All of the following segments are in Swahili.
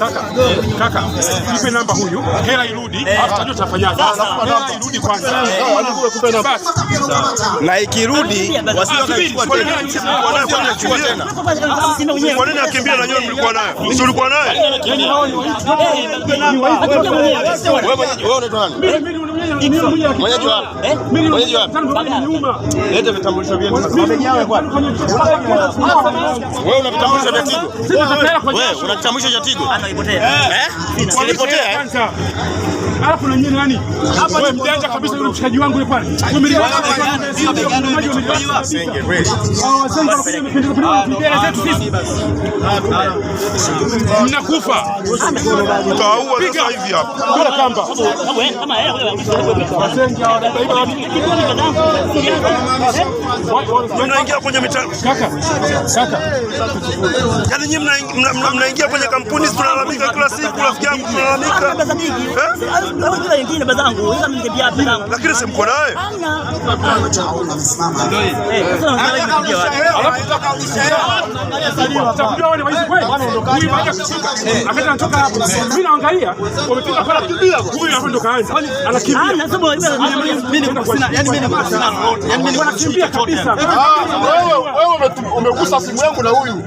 Kaka, kaka, nipe namba huyu, hela irudi, alafu tutajua tutafanyaje. Hela irudi kwanza, basi. Na ikirudi Kwa nini akimbia na nyinyi mlikuwa naye? Si ulikuwa naye? Wewe vitambulisho vyetu. Wewe una vitambulisho vya Tigo? Wewe una kitambulisho cha Tigo? Silipotea. Eh? Silipotea. alafu na nyinyi nani hapa? Ni mjanja kabisa yule mshikaji wangu yule pale. Mnakufa, utaua sasa hivi hapa. Kwa kamba mnaingia kwenye mitandao kaka, kaka, yani nyinyi mnaingia kwenye kampuni, tunalalamika kila siku, rafiki yangu tunalalamika eh Wajua wengine bazangu zangu, lakini si mko naye eh, eh. eh, anakimbia kabisa umegusa simu yangu na huyu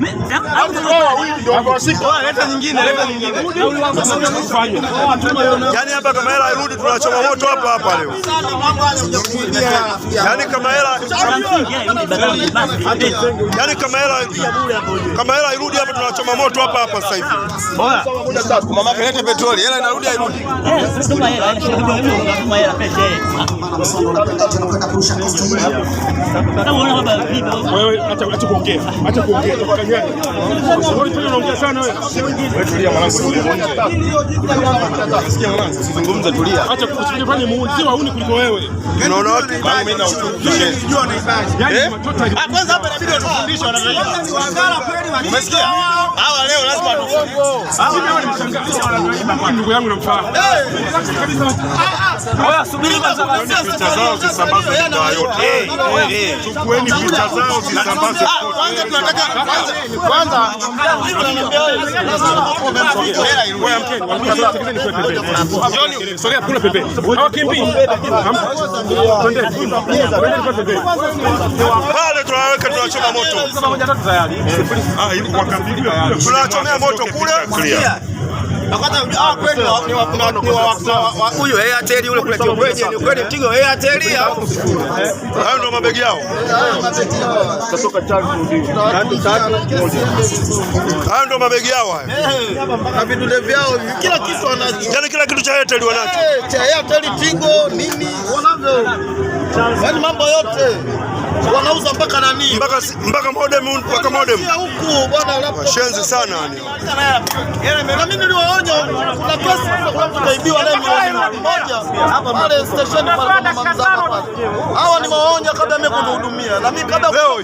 yani, hapa kama hela irudi, tunachoma moto hapa hapa leo. Yani kama hela yani kama hela kama hela irudi hapa, tunachoma moto hapa hapa sasa hivi. Mama kalete petroli, hela inarudi irudi. Wewe acha acha kuongea, acha kuongea kwa kanyani. Wewe tu unaongea sana wewe. Wewe tulia mwanangu. Sikia mwanangu, usizungumze tulia. Acha kusikia pale muuni, sio hauni kuliko wewe. Yaani Unaona wapi? Mimi na uchunguzi. Yaani unajua na ibadi. Yaani matoto. Eh? Ah, kwanza hapa inabidi watufundishe wanadamu. Yaani Wangala kweli wani. Umesikia? Hawa leo lazima watufundishe. Hawa ni mshangazi. Ndugu yangu namfahamu. Eh. Kabisa. Ah ah picha zao zisambaze mikoa yote, chukueni picha zao zisambaze pale, tunaweka tunachoma moto, tunachomea moto kule huyo Airtel yule kule Kiongweje, ni kweli Tigo Airtel au hayo ndio mabegi yao? Hayo ndio mabegi yao haya. Na vidole vyao kila kitu wanacho. Yaani kila kitu cha Airtel wanacho. Cha Airtel Tigo nini wanavyo. Yaani mambo yote wanauza mpaka nani, mpaka mpaka modem, mpaka modem huku bwana, laptop shenzi sana yani. Na mimi niliwaonya, kuna kesi tutaibiwa leo ni mmoja. hapa pale station pale Mamzaka pale. Hawa ni nimewaonya kabla mimi kuhudumia. na mimi kabla leo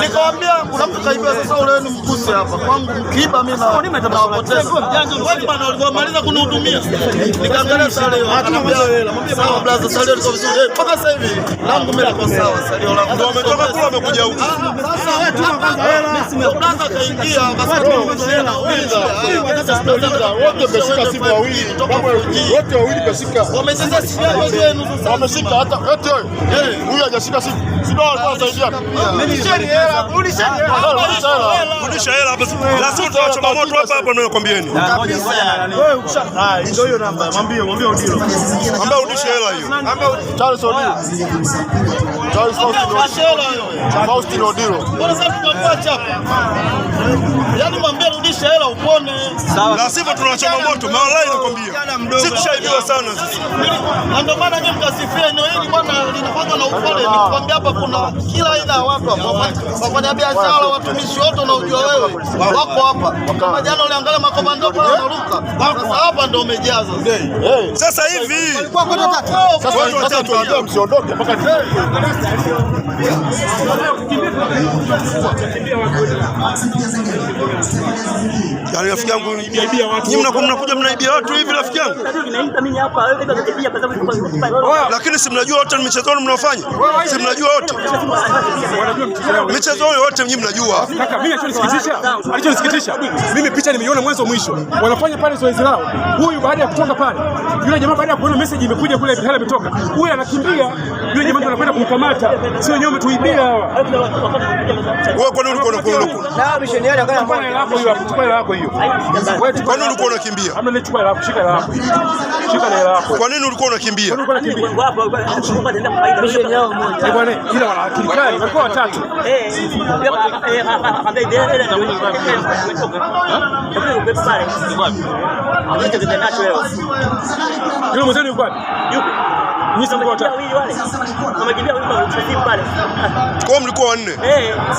nikawaambia kuna mtu kaibiwa, sasa ule ni mguse hapa kwangu, mkiiba mimi na nawapoteza. Bwana walivyomaliza kunihudumia, nikaangalia sasa leo. hata bila hela, mwambie bwana blaza, sasa leo iko vizuri mpaka sasa hivi langu wametoka kule wamekuja huku. Ah, ah, ah, wote mmeshika simu wawili, wote wawili kashika, wameshika hata yaani, huyu hajashika simu. Rudisha hela hapa, lazima tutawachoma moto hapa hapa, ndio nakwambieni. Ndio hiyo namba, mwambie mwambie Odilo, ambao rudisha hela hiyo, ambao Charles Odilo Faustino Dilo. Mbona sasa tunakuacha hapa? Yaani mwambie ukiisha hela upone. Na sivyo tuna changamoto, malai nakwambia. Sisi tushaibiwa sana sisi. Na ndio maana nyinyi mkasifia eneo hili bwana linafanywa na upole. Nikwambia hapa kuna kila aina ya watu hapa. Wafanya biashara, watumishi wote unaojua wewe wako hapa. Kama jana uliangalia makomando pale wanaruka. Sasa hapa ndio umejaza. Sasa hivi. Walikuwa kwa tatu. Sasa msiondoke mpaka Yaani rafiki yangu mnaibia watu. Nyinyi mnakuwa mnakuja mnaibia watu hivi rafiki yangu. Lakini si mnajua wote ni michezo yenu mnaofanya? Si mnajua wote. Michezo yenu wote nyinyi mnajua. Kaka mimi alichonisikitisha, alichonisikitisha. Mimi picha nimeiona mwanzo mwisho. Wanafanya pale zoezi lao. Huyu baada ya kutoka pale, yule jamaa baada ya kuona message imekuja kule hela imetoka. Huyu anakimbia, yule jamaa anakwenda kumkamata. Sio nyome tuibia hawa. Wewe kwa nini uko na kuna? Na misheni yale akana hapo. Chukua hela yako hiyo. Kwa nini ulikuwa unakimbia? Hamna ni chukua hela yako, shika hela yako. Shika hela yako. Kwa nini ulikuwa unakimbia? Kwa nini ulikuwa unakimbia? ila wana akili kali, walikuwa watatu. Yule mzee yuko wapi? Yuko. ulikuwa Kwa mlikuwa wanne. Eh.